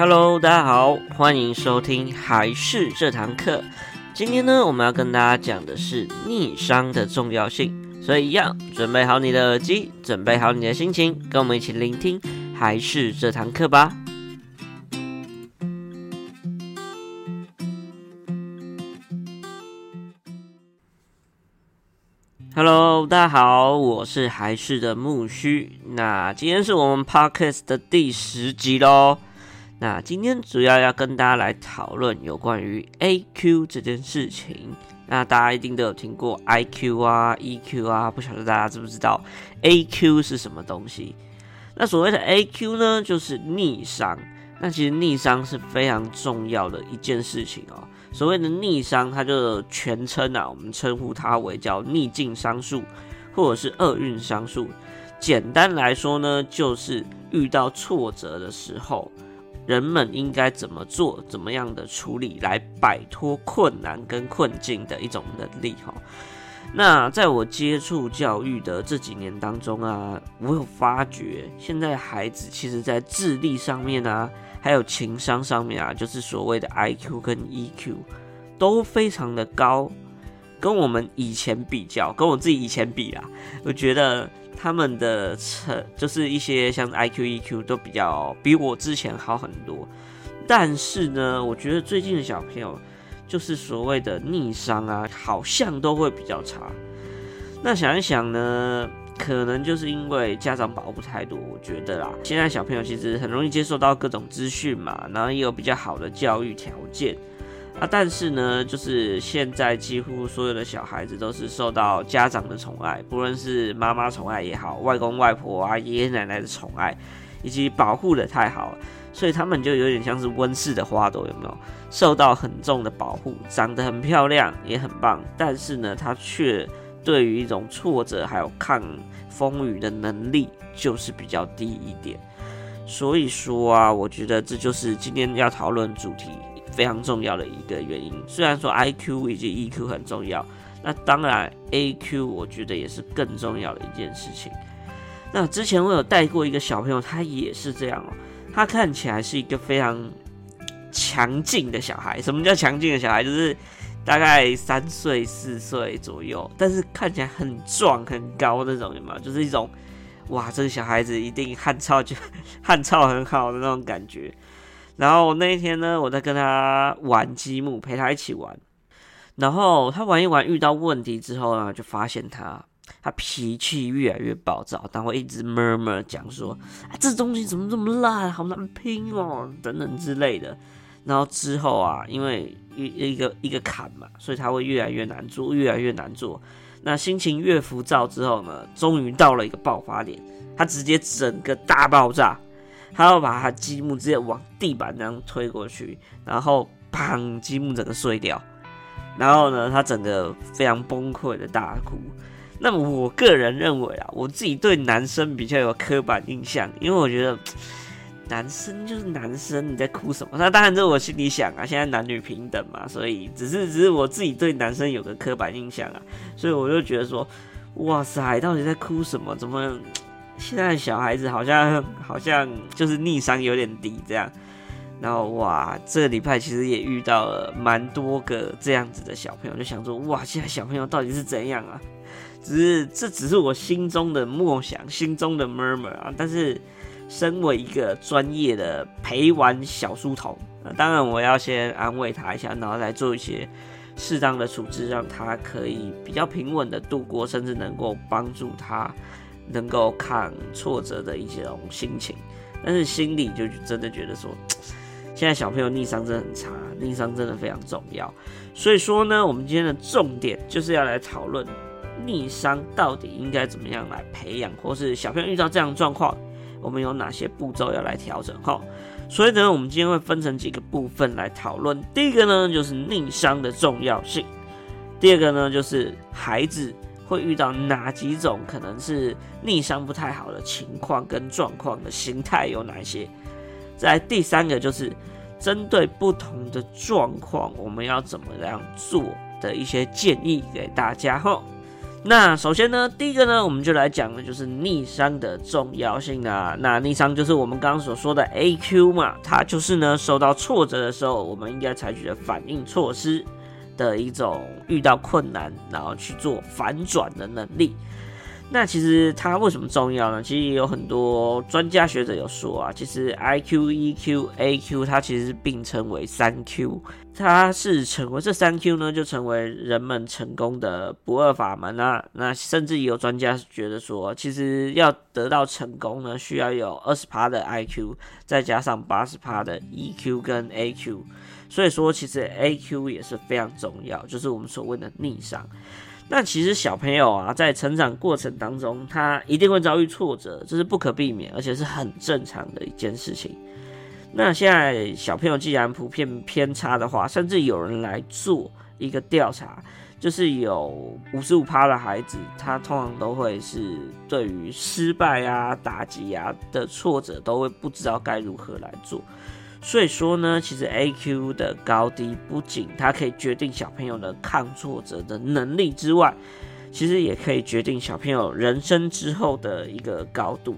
Hello，大家好，歡迎收聽還是這堂課。今天呢，我們要跟大家講的是逆商的重要性，所以一樣準備好你的耳機，準備好你的心情，跟我們一起聆聽還是這堂課吧。Hello，大家好，我是還是的木須，那今天是我們 Podcast 的第十集嘍。那今天主要要跟大家來討論有關於 A Q 這件事情。那大家一定都有聽過 I Q 啊、E Q 啊，不曉得大家知不知道 A Q 是什麼東西？那所謂的 A Q 呢，就是逆商。那其實逆商是非常重要的一件事情哦、喔。所謂的逆商，它就全稱啊，我們稱呼它為叫逆境商數，或者是厄運商數。簡單來說呢，就是遇到挫折的時候。人們應該怎麼做，怎麼樣的處理來擺脫困難跟困境的一種能力哈？那在我接觸教育的這幾年當中啊，我有發覺，現在孩子其實在智力上面啊，還有情商上面啊，就是所謂的 IQ 跟 EQ，都非常的高，跟我們以前比較，跟我自己以前比啊，我覺得。他們的測，就是一些像 IQ EQ 都比較比我之前好很多，但是呢，我覺得最近的小朋友就是所謂的逆商啊，好像都會比較差。那想一想呢，可能就是因為家長保護太多，我覺得啦，現在小朋友其實很容易接受到各種資訊嘛，然後也有比較好的教育條件。啊，但是呢，就是現在幾乎所有的小孩子都是受到家長的寵愛，不論是媽媽寵愛也好，外公外婆啊、爺爺奶奶的寵愛，以及保護的太好了，所以他們就有點像是溫室的花朵，有沒有？受到很重的保護，長得很漂亮，也很棒，但是呢，他卻對於一種挫折還有抗風雨的能力就是比較低一點。所以說啊，我覺得這就是今天要討論主題。非常重要的一個原因，雖然說 IQ 以及 EQ 很重要，那當然 AQ 我覺得也是更重要的一件事情。那之前我有帶過一個小朋友，他也是這樣哦、喔，他看起來是一個非常強勁的小孩。什麼叫強勁的小孩？就是大概三歲四歲左右，但是看起來很壯很高那種，有沒有？就是一種，哇，這個小孩子一定漢超就漢超很好的那種感覺。然後那一天呢，我在跟他玩積木，陪他一起玩。然後他玩一玩，遇到問題之後呢，就發現他，他脾氣越來越暴躁，他會一直 murmur 講說，啊，這東西怎麼這麼爛，好難拼哦，等等之類的。然後之後啊，因為一個一個一個坎嘛，所以他會越來越難做，越來越難做。那心情越浮躁之後呢，終於到了一個爆發點，他直接整個大爆炸。他要把他積木直接往地板上推過去，然後砰，積木整個碎掉，然後呢，他整個非常崩潰的大哭。那麼我個人認為啊，我自己對男生比較有刻板印象，因為我覺得男生就是男生，你在哭什麼？那當然這我心裡想啊，現在男女平等嘛，所以只是只是我自己對男生有個刻板印象啊，所以我就覺得說，哇塞，到底在哭什麼？怎麼？現在小孩子好像好像就是逆商有點低這樣，然後哇，這個禮拜其實也遇到了蠻多個這樣子的小朋友，就想說哇，現在小朋友到底是怎樣啊？只是這只是我心中的夢想，心中的 murmur，啊。但是身為一個專業的陪玩小書童，啊，當然我要先安慰他一下，然後來做一些適當的處置，讓他可以比較平穩的度過，甚至能夠幫助他。能夠抗挫折的一種心情，但是心裡就真的覺得說，現在小朋友逆商真的很差，逆商真的非常重要。所以說呢，我們今天的重點就是要來討論逆商到底應該怎麼樣來培養，或是小朋友遇到這樣的狀況，我們有哪些步驟要來調整哈。所以呢，我們今天會分成幾個部分來討論。第一個呢，就是逆商的重要性；第二個呢，就是孩子。會遇到哪幾種可能是逆商不太好的情況跟狀況的形態有哪些？在第三個就是針對不同的狀況，我們要怎麼樣做的一些建議給大家齁。那首先呢，第一個呢，我們就來講的就是逆商的重要性啊。那逆商就是我們剛剛所說的 AQ 嘛，它就是呢，受到挫折的時候，我們應該採取的反應措施。的一種遇到困難，然後去做反轉的能力。那其實它為什麼重要呢？其實也有很多專家學者有說啊，其實 I Q E Q A Q 它其實並稱為三 Q，它是成為這三 Q 呢就成為人們成功的不二法門啊。那甚至也有專家覺得說，其實要得到成功呢，需要有二十趴的 I Q，再加上八十趴的 E Q 跟 A Q，所以說其實 A Q 也是非常重要，就是我們所謂的逆商。那其實小朋友啊，在成長過程當中，他一定會遭遇挫折，這是不可避免，而且是很正常的一件事情。那現在小朋友既然普遍偏差的話，甚至有人來做一個調查，就是有五十五趴的孩子，他通常都會是對於失敗啊、打擊啊的挫折，都會不知道該如何來做。所以說呢，其實 AQ 的高低不僅它可以決定小朋友的抗挫折的能力之外，其實也可以決定小朋友人生之後的一個高度。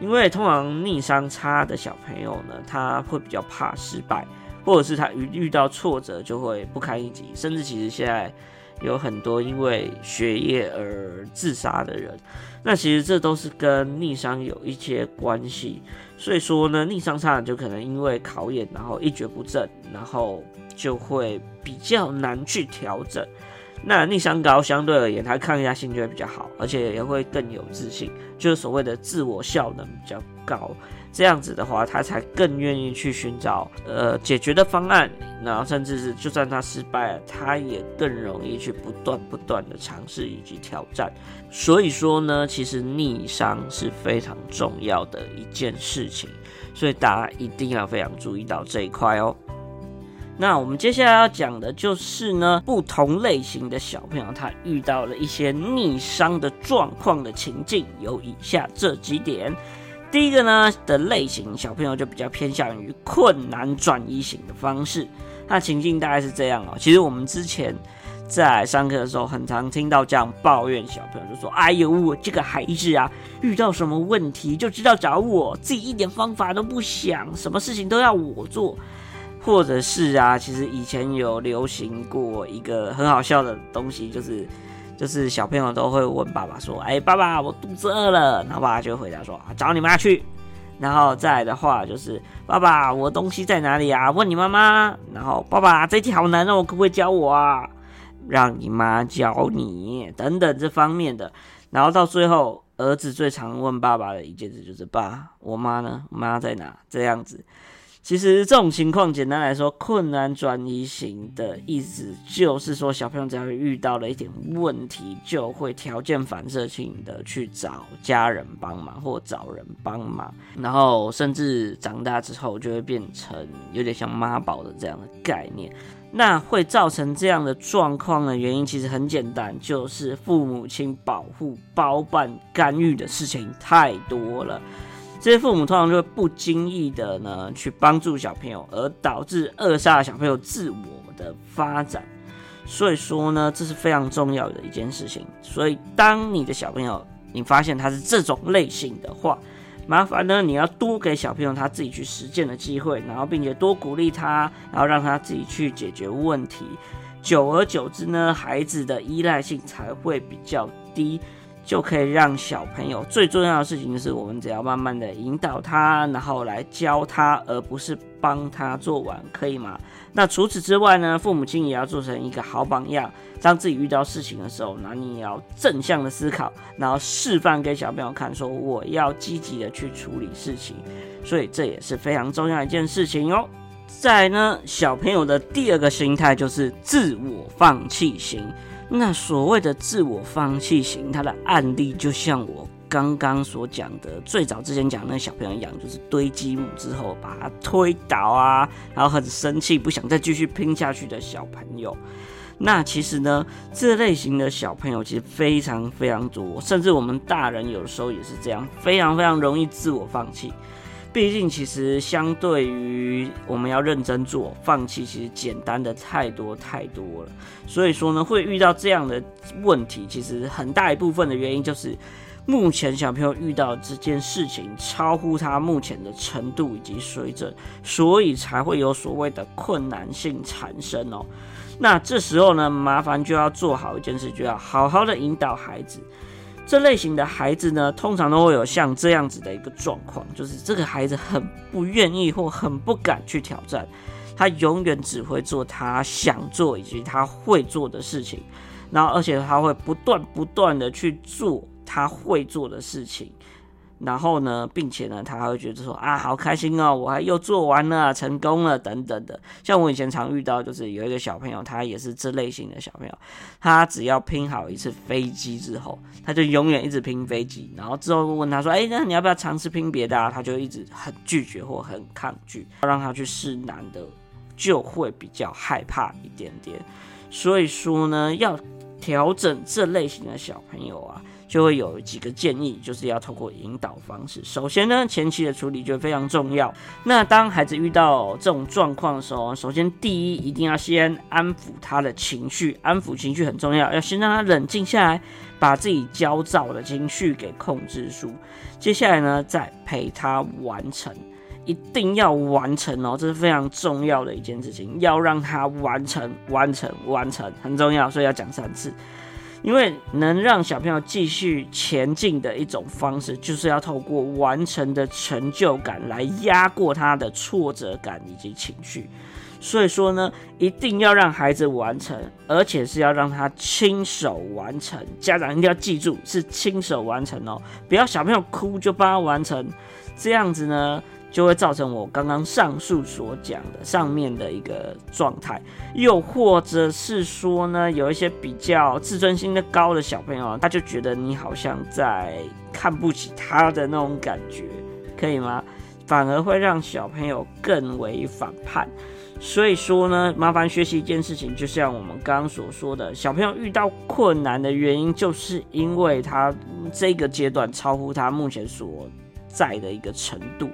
因為通常逆商差的小朋友呢，他會比較怕失敗，或者是他一遇到挫折就會不堪一擊，甚至其實現在。有很多因為學業而自殺的人，那其實這都是跟逆商有一些關係。所以說呢，逆商差就可能因為考驗，然後一蹶不振，然後就會比較難去調整。那逆商高相對而言，他抗壓性就會比較好，而且也會更有自信，就是所謂的自我效能比較。搞這樣子的話，他才更願意去尋找呃解決的方案，那甚至是就算他失敗了，他也更容易去不斷不斷的嘗試以及挑戰。所以說呢，其實逆商是非常重要的一件事情，所以大家一定要非常注意到這一塊哦。那我們接下來要講的就是呢，不同類型的小朋友他遇到了一些逆商的狀況的情境，有以下這幾點。第一個呢的類型，小朋友就比較偏向於困難轉移型的方式。那情境大概是這樣喔，其實我們之前在上課的時候，很常聽到這樣抱怨，小朋友就說：“哎呦，我這個孩子啊，遇到什麼問題就知道找我，自己一點方法都不想，什麼事情都要我做。”或者是啊，其實以前有流行過一個很好笑的東西，就是。就是小朋友都會問爸爸說：“哎、欸，爸爸，我肚子餓了。”然後爸爸就回答說：“找你媽去。”然後再來的話就是：“爸爸，我東西在哪裡呀、啊？”問你媽媽。然後爸爸這題好難哦，我可不可以教我啊？讓你媽教你等等這方面的。然後到最後，兒子最常問爸爸的一件事就是：“爸，我媽呢？媽在哪？”這樣子。其實這種情況，簡單來說，困難轉移型的意思就是說，小朋友只要遇到了一點問題，就會條件反射性的去找家人幫忙或找人幫忙，然後甚至長大之後就會變成有點像媽寶的這樣的概念。那會造成這樣的狀況的原因，其實很簡單，就是父母親保護、包辦、干預的事情太多了。這些父母通常就會不經意的呢去幫助小朋友，而導致扼殺了小朋友自我的發展。所以說呢，這是非常重要的一件事情。所以，當你的小朋友你發現他是這種類型的話，麻煩呢你要多給小朋友他自己去實踐的機會，然後並且多鼓勵他，然後讓他自己去解決問題。久而久之呢，孩子的依賴性才會比較低。就可以讓小朋友，最重要的事情就是，我們只要慢慢的引導他，然後來教他，而不是幫他做完，可以嗎？那除此之外呢，父母親也要做成一個好榜樣，當自己遇到事情的時候，那你也要正向的思考，然後示範給小朋友看，說我要積極的去處理事情，所以這也是非常重要一件事情哦。再來呢，小朋友的第二個心態就是自我放棄型。那所謂的自我放棄型，它的案例就像我剛剛所講的，最早之前講那個小朋友一樣，就是堆積木之後把它推倒啊，然後很生氣，不想再繼續拼下去的小朋友。那其實呢，這類型的小朋友其實非常非常多，甚至我們大人有的時候也是這樣，非常非常容易自我放棄。畢竟，其實相對於我們要認真做，放棄其實簡單的太多太多了。所以說呢，會遇到這樣的問題，其實很大一部分的原因就是，目前小朋友遇到這件事情超乎他目前的程度以及水準，所以才會有所謂的困難性產生哦。那這時候呢，麻煩就要做好一件事，就要好好的引導孩子。這類型的孩子呢，通常都會有像這樣子的一個狀況，就是這個孩子很不願意或很不敢去挑戰，他永遠只會做他想做以及他會做的事情，然後而且他會不斷不斷的去做他會做的事情。然後呢，並且呢，他還會覺得說啊，好開心哦，我還又做完了，成功了，等等的。像我以前常遇到，就是有一個小朋友，他也是這類型的小朋友，他只要拼好一次飛機之後，他就永遠一直拼飛機。然後之後問他說，哎，那你要不要嘗試拼別的啊？他就一直很拒絕或很抗拒，要讓他去試難的，就會比較害怕一點點。所以說呢，要調整這類型的小朋友啊。就會有幾個建議，就是要透過引導方式。首先呢，前期的處理就非常重要。那當孩子遇到這種狀況的時候，首先第一，一定要先安撫他的情緒，安撫情緒很重要，要先讓他冷靜下來，把自己焦躁的情緒給控制住。接下來呢，再陪他完成，一定要完成哦，這是非常重要的一件事情，要讓他完成，完成，完成，很重要，所以要講三次。因為能讓小朋友繼續前進的一種方式，就是要透過完成的成就感來壓過他的挫折感以及情緒。所以說呢，一定要讓孩子完成，而且是要讓他親手完成。家長一定要記住，是親手完成哦，不要小朋友哭就幫他完成，這樣子呢。就會造成我剛剛上述所講的上面的一個狀態，又或者是說呢，有一些比較自尊心的高的小朋友，啊，他就覺得你好像在看不起他的那種感覺，可以嗎？反而會讓小朋友更為反叛。所以說呢，麻煩學習一件事情，就像我們剛剛所說的，小朋友遇到困難的原因，就是因為他這個階段超乎他目前所在的一個程度。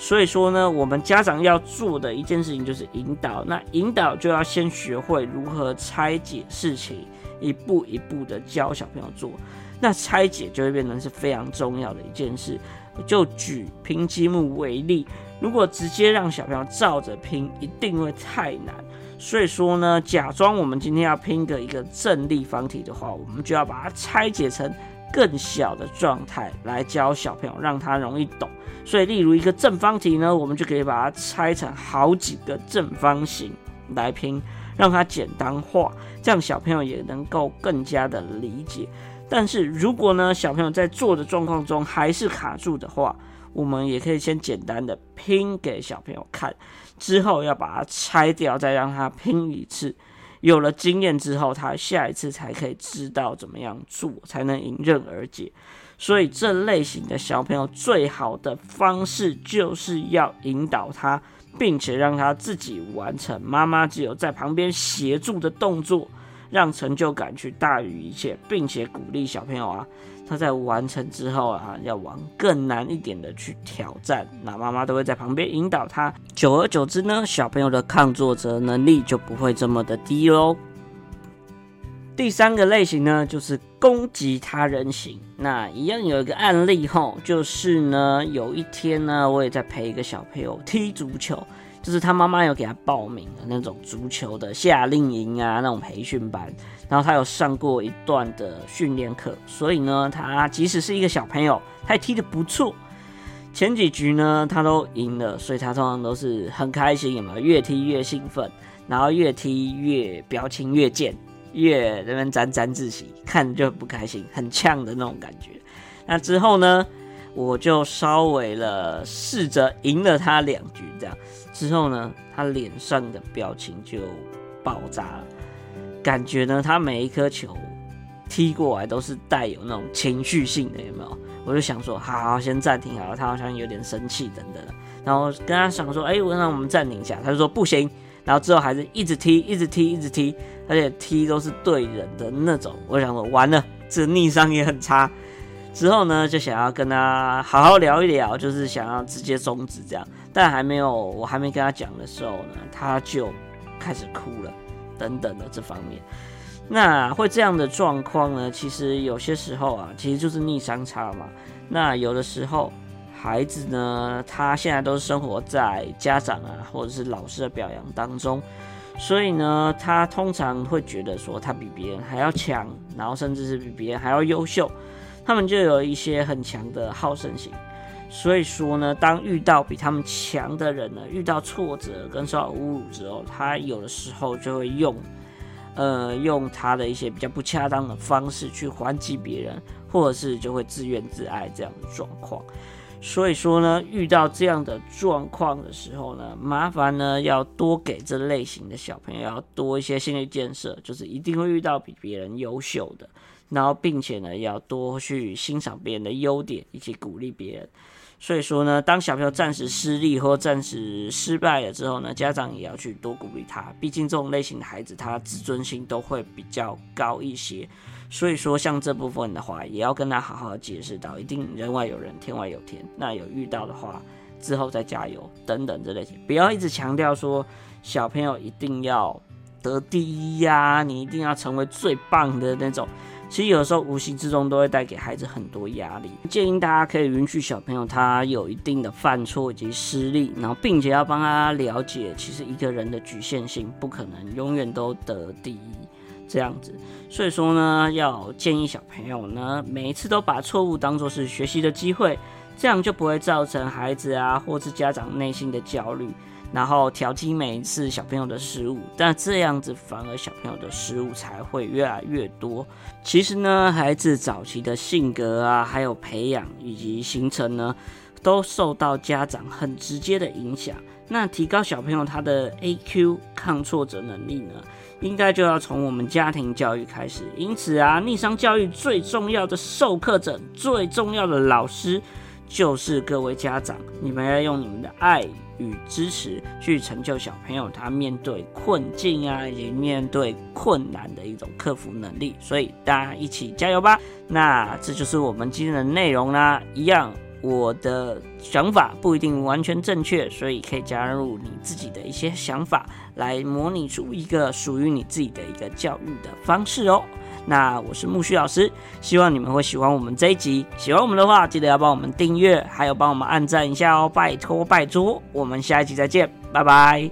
所以說呢，我們家長要做的一件事情就是引導。那引導就要先學會如何拆解事情，一步一步的教小朋友做。那拆解就會變成是非常重要的一件事。就舉拼積木為例，如果直接讓小朋友照着拼，一定會太難。所以說呢，假裝我們今天要拼個一個正立方體的話，我們就要把它拆解成更小的狀態來教小朋友，讓他容易懂。所以，例如一個正方體呢，我們就可以把它拆成好幾個正方形來拼，讓它簡單化，這樣小朋友也能夠更加的理解。但是如果呢，小朋友在做的狀況中還是卡住的話，我們也可以先簡單的拼給小朋友看，之後要把它拆掉，再讓他拼一次。有了經驗之後，他下一次才可以知道怎麼樣做，才能迎刃而解。所以，這類型的小朋友最好的方式就是要引導他，並且讓他自己完成。媽媽只有在旁邊協助的動作，讓成就感去大於一切，並且鼓勵小朋友啊。他在完成之後啊，要往更難一點的去挑戰，那媽媽都會在旁邊引導他。久而久之呢，小朋友的抗挫折能力就不會這麼的低嘍。第三個類型呢，就是攻擊他人型。那一樣有一個案例吼，就是呢，有一天呢，我也在陪一個小朋友踢足球。就是他媽媽有給他報名的那種足球的夏令營啊，那種培訓班，然後他有上過一段的訓練課，所以呢，他即使是一個小朋友，他也踢得不錯。前幾局呢，他都贏了，所以他通常都是很開心，有沒有？越踢越興奮，然後越踢越表情越賤，越在那邊沾沾自喜，看著就不開心，很嗆的那種感覺。那之後呢？我就稍微了，試着贏了他兩局，這樣之後呢，他臉上的表情就爆炸了，感覺呢，他每一顆球踢過來都是帶有那種情緒性的，有沒有？我就想說，好，好，先暫停好了，他好像有點生氣等等，然後跟他想說，哎、欸，我讓我們暫停一下，他就說不行，然後之後還是一直踢，一直踢，一直踢，而且踢都是對人的那種，我想說完了，這逆商也很差。之後呢，就想要跟他好好聊一聊，就是想要直接終止這樣，但還沒有我還沒跟他講的時候呢，他就開始哭了，等等的這方面，那會這樣的狀況呢，其實有些時候啊，其實就是逆商差嘛。那有的時候孩子呢，他現在都生活在家長啊或者是老師的表揚當中，所以呢，他通常會覺得說他比別人還要強，然後甚至是比別人還要優秀。他們就有一些很強的好勝心，所以說呢，當遇到比他們強的人呢，遇到挫折跟受到侮辱之後，他有的時候就會用，呃，用他的一些比較不恰當的方式去還擊別人，或者是就會自怨自艾這樣的狀況。所以說呢，遇到這樣的狀況的時候呢，麻煩呢要多給這類型的小朋友要多一些心理建設，就是一定會遇到比別人優秀的。然後，並且呢，要多去欣賞別人的優點，以及鼓勵別人。所以說呢，當小朋友暫時失利或暫時失敗了之後呢，家長也要去多鼓勵他。畢竟這種類型的孩子，他自尊心都會比較高一些。所以說，像這部分的話，也要跟他好好解釋到，一定人外有人，天外有天。那有遇到的話，之後再加油等等這類型。不要一直強調說小朋友一定要得第一呀，你一定要成為最棒的那種。其實有時候無形之中都會帶給孩子很多壓力，建議大家可以允許小朋友他有一定的犯錯以及失利，然後並且要幫他了解，其實一個人的局限性，不可能永遠都得第一這樣子。所以說呢，要建議小朋友呢，每一次都把錯誤當做是學習的機會，這樣就不會造成孩子啊，或是家長內心的焦慮。然後挑剔，每一次小朋友的失誤，但這樣子反而小朋友的失誤才會越來越多。其實呢，孩子早期的性格啊，還有培養以及形成呢，都受到家長很直接的影響。那提高小朋友他的 AQ 抗挫折能力呢，應該就要從我們家庭教育開始。因此啊，逆商教育最重要的授課者，最重要的老師，就是各位家長，你們要用你們的愛與支持去成就小朋友，他面對困境啊，以及面對困難的一種克服能力。所以大家一起加油吧！那這就是我們今天的內容啦。一樣，我的想法不一定完全正確，所以可以加入你自己的一些想法，來模擬出一個屬於你自己的一個教育的方式哦。那我是木須老師，希望你們會喜歡我們這一集。喜歡我們的話，記得要幫我們訂閱，還有幫我們按讚一下哦，拜托拜托。我們下一集再見，拜拜。